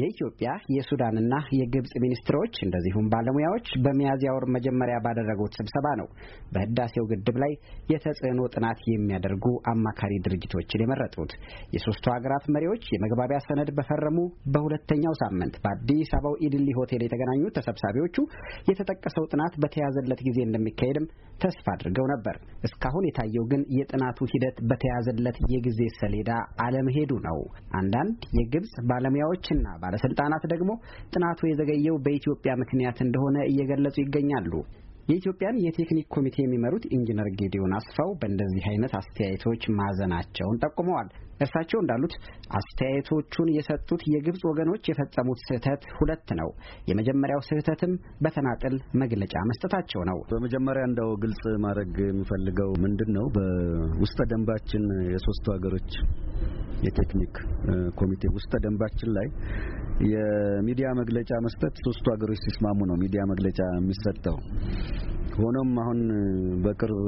የኢትዮጵያ የሱዳንና የግብጽ ሚኒስትሮች እንደዚሁም ባለሙያዎች በሚያዝያ ወር መጀመሪያ ባደረጉት ስብሰባ ነው በህዳሴው ግድብ ላይ የተጽዕኖ ጥናት የሚያደርጉ አማካሪ ድርጅቶችን የመረጡት። የሶስቱ ሀገራት መሪዎች የመግባቢያ ሰነድ በፈረሙ በሁለተኛው ሳምንት በአዲስ አበባው ኢድሊ ሆቴል የተገናኙት ተሰብሳቢዎቹ የተጠቀሰው ጥናት በተያዘለት ጊዜ እንደሚካሄድም ተስፋ አድርገው ነበር። እስካሁን የታየው ግን የጥናቱ ሂደት በተያዘለት የጊዜ ሰሌዳ አለመሄዱ ነው። አንዳንድ የግብጽ ባለሙያዎችና ባለስልጣናት ደግሞ ጥናቱ የዘገየው በኢትዮጵያ ምክንያት እንደሆነ እየገለጹ ይገኛሉ። የኢትዮጵያን የቴክኒክ ኮሚቴ የሚመሩት ኢንጂነር ጌዲዮን አስፋው በእንደዚህ አይነት አስተያየቶች ማዘናቸውን ጠቁመዋል። እርሳቸው እንዳሉት አስተያየቶቹን የሰጡት የግብፅ ወገኖች የፈጸሙት ስህተት ሁለት ነው። የመጀመሪያው ስህተትም በተናጥል መግለጫ መስጠታቸው ነው። በመጀመሪያ እንደው ግልጽ ማድረግ የሚፈልገው ምንድን ነው፣ በውስጠ ደንባችን የሶስቱ ሀገሮች የቴክኒክ ኮሚቴ ውስጠ ደንባችን ላይ የሚዲያ መግለጫ መስጠት ሶስቱ ሀገሮች ሲስማሙ ነው ሚዲያ መግለጫ የሚሰጠው። ሆኖም አሁን በቅርብ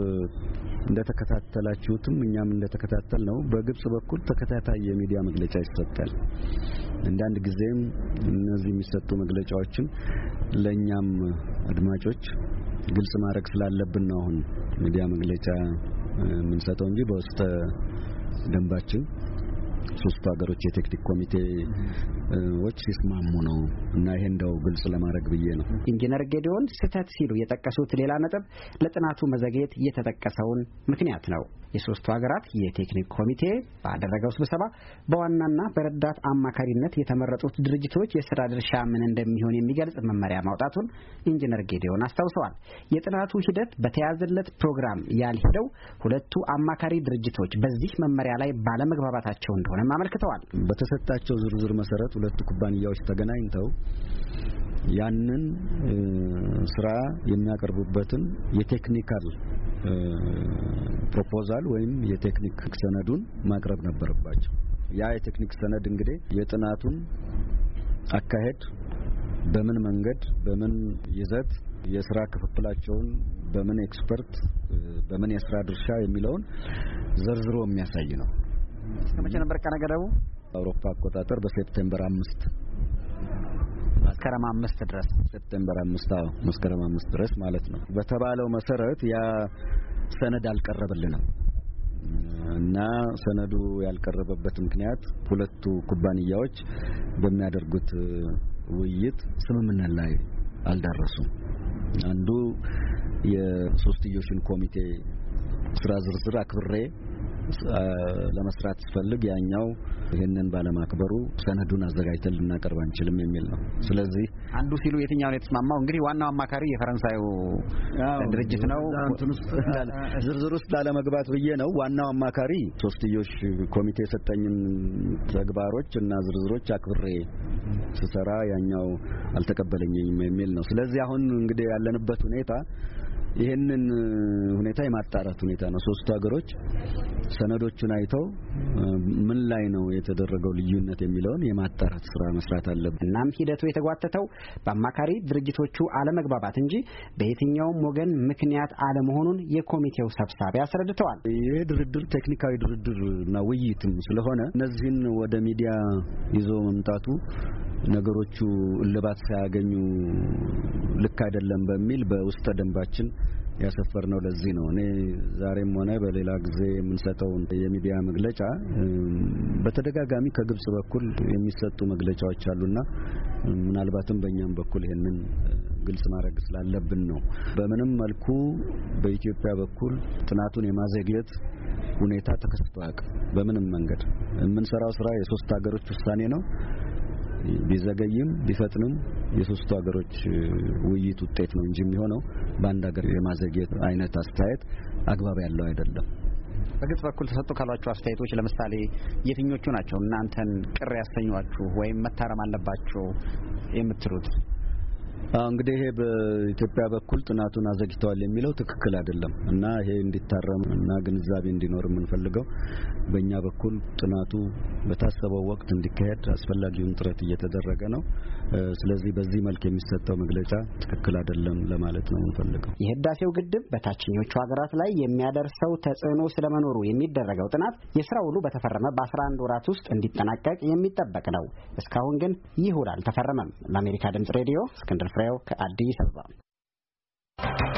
እንደተከታተላችሁትም እኛም እንደተከታተል ነው በግብጽ በኩል ተከታታይ የሚዲያ መግለጫ ይሰጣል። አንዳንድ ጊዜም እነዚህ የሚሰጡ መግለጫዎችን ለእኛም አድማጮች ግልጽ ማድረግ ስላለብን ነው አሁን ሚዲያ መግለጫ የምንሰጠው እንጂ በውስጥ ደንባችን ሶስቱ ሀገሮች የቴክኒክ ኮሚቴዎች ሲስማሙ ነው እና ይሄ እንደው ግልጽ ለማድረግ ብዬ ነው። ኢንጂነር ጌዲዮን ስህተት ሲሉ የጠቀሱት ሌላ ነጥብ ለጥናቱ መዘግየት የተጠቀሰውን ምክንያት ነው። የሶስቱ ሀገራት የቴክኒክ ኮሚቴ ባደረገው ስብሰባ በዋናና በረዳት አማካሪነት የተመረጡት ድርጅቶች የስራ ድርሻ ምን እንደሚሆን የሚገልጽ መመሪያ ማውጣቱን ኢንጂነር ጌዲዮን አስታውሰዋል። የጥናቱ ሂደት በተያዘለት ፕሮግራም ያልሄደው ሁለቱ አማካሪ ድርጅቶች በዚህ መመሪያ ላይ ባለመግባባታቸው እንደሆነ እንደሆነም አመልክተዋል። በተሰጣቸው ዝርዝር መሰረት ሁለቱ ኩባንያዎች ተገናኝተው ያንን ስራ የሚያቀርቡበትን የቴክኒካል ፕሮፖዛል ወይም የቴክኒክ ሰነዱን ማቅረብ ነበረባቸው። ያ የቴክኒክ ሰነድ እንግዲህ የጥናቱን አካሄድ በምን መንገድ፣ በምን ይዘት፣ የስራ ክፍፍላቸውን በምን ኤክስፐርት፣ በምን የስራ ድርሻ የሚለውን ዘርዝሮ የሚያሳይ ነው። እስከ መቼ ነበር ቀነ ገደቡ? አውሮፓ አቆጣጠር በሴፕቴምበር አምስት መስከረም አምስት ድረስ ሴፕቴምበር አምስት አዎ መስከረም አምስት ድረስ ማለት ነው። በተባለው መሰረት ያ ሰነድ አልቀረበልንም እና ሰነዱ ያልቀረበበት ምክንያት ሁለቱ ኩባንያዎች በሚያደርጉት ውይይት ስምምነት ላይ አልደረሱም። አንዱ የሶስትዮሽን ኮሚቴ ስራ ዝርዝር አክብሬ ለመስራት ሲፈልግ ያኛው ይህንን ባለማክበሩ ሰነዱን አዘጋጅተን ልናቀርብ አንችልም የሚል ነው። ስለዚህ አንዱ ሲሉ የትኛውን የተስማማው? እንግዲህ ዋናው አማካሪ የፈረንሳዩ ድርጅት ነው። ዝርዝር ውስጥ ላለመግባት ብዬ ነው። ዋናው አማካሪ ሶስትዮሽ ኮሚቴ የሰጠኝን ተግባሮች እና ዝርዝሮች አክብሬ ስሰራ ያኛው አልተቀበለኝም የሚል ነው። ስለዚህ አሁን እንግዲህ ያለንበት ሁኔታ ይህንን ሁኔታ የማጣራት ሁኔታ ነው። ሶስቱ ሀገሮች ሰነዶቹን አይተው ምን ላይ ነው የተደረገው ልዩነት የሚለውን የማጣራት ስራ መስራት አለብን። እናም ሂደቱ የተጓተተው በአማካሪ ድርጅቶቹ አለመግባባት እንጂ በየትኛውም ወገን ምክንያት አለመሆኑን የኮሚቴው ሰብሳቢ አስረድተዋል። ይህ ድርድር ቴክኒካዊ ድርድር እና ውይይትም ስለሆነ እነዚህን ወደ ሚዲያ ይዞ መምጣቱ ነገሮቹ እልባት ሳያገኙ ልክ አይደለም በሚል በውስጠ ደንባችን ያሰፈር ነው። ለዚህ ነው እኔ ዛሬም ሆነ በሌላ ጊዜ የምንሰጠውን የሚዲያ መግለጫ በተደጋጋሚ ከግብጽ በኩል የሚሰጡ መግለጫዎች አሉና ምናልባትም በእኛም በኩል ይህንን ግልጽ ማድረግ ስላለብን ነው። በምንም መልኩ በኢትዮጵያ በኩል ጥናቱን የማዘግየት ሁኔታ ተከስቶ አያውቅም። በምንም መንገድ የምንሰራው ስራ የሶስት ሀገሮች ውሳኔ ነው። ቢዘገይም ቢፈጥንም የሶስቱ ሀገሮች ውይይት ውጤት ነው እንጂ የሚሆነው በአንድ ሀገር የማዘግየት አይነት አስተያየት አግባብ ያለው አይደለም። በግብጽ በኩል ተሰጡ ካሏቸው አስተያየቶች ለምሳሌ የትኞቹ ናቸው እናንተን ቅር ያሰኟችሁ ወይም መታረም አለባቸው የምትሉት? እንግዲህ ይሄ በኢትዮጵያ በኩል ጥናቱን አዘግተዋል የሚለው ትክክል አይደለም እና ይሄ እንዲታረም እና ግንዛቤ እንዲኖር የምንፈልገው በእኛ በኩል ጥናቱ በታሰበው ወቅት እንዲካሄድ አስፈላጊውን ጥረት እየተደረገ ነው። ስለዚህ በዚህ መልክ የሚሰጠው መግለጫ ትክክል አይደለም ለማለት ነው የምንፈልገው። የህዳሴው ግድብ በታችኞቹ ሀገራት ላይ የሚያደርሰው ተጽዕኖ ስለመኖሩ የሚደረገው ጥናት የስራ ውሉ በተፈረመ በ11 ወራት ውስጥ እንዲጠናቀቅ የሚጠበቅ ነው። እስካሁን ግን ይህ ውል አልተፈረመም። ለአሜሪካ ድምጽ ሬዲዮ እስክንድር Israel, Addis Ababa.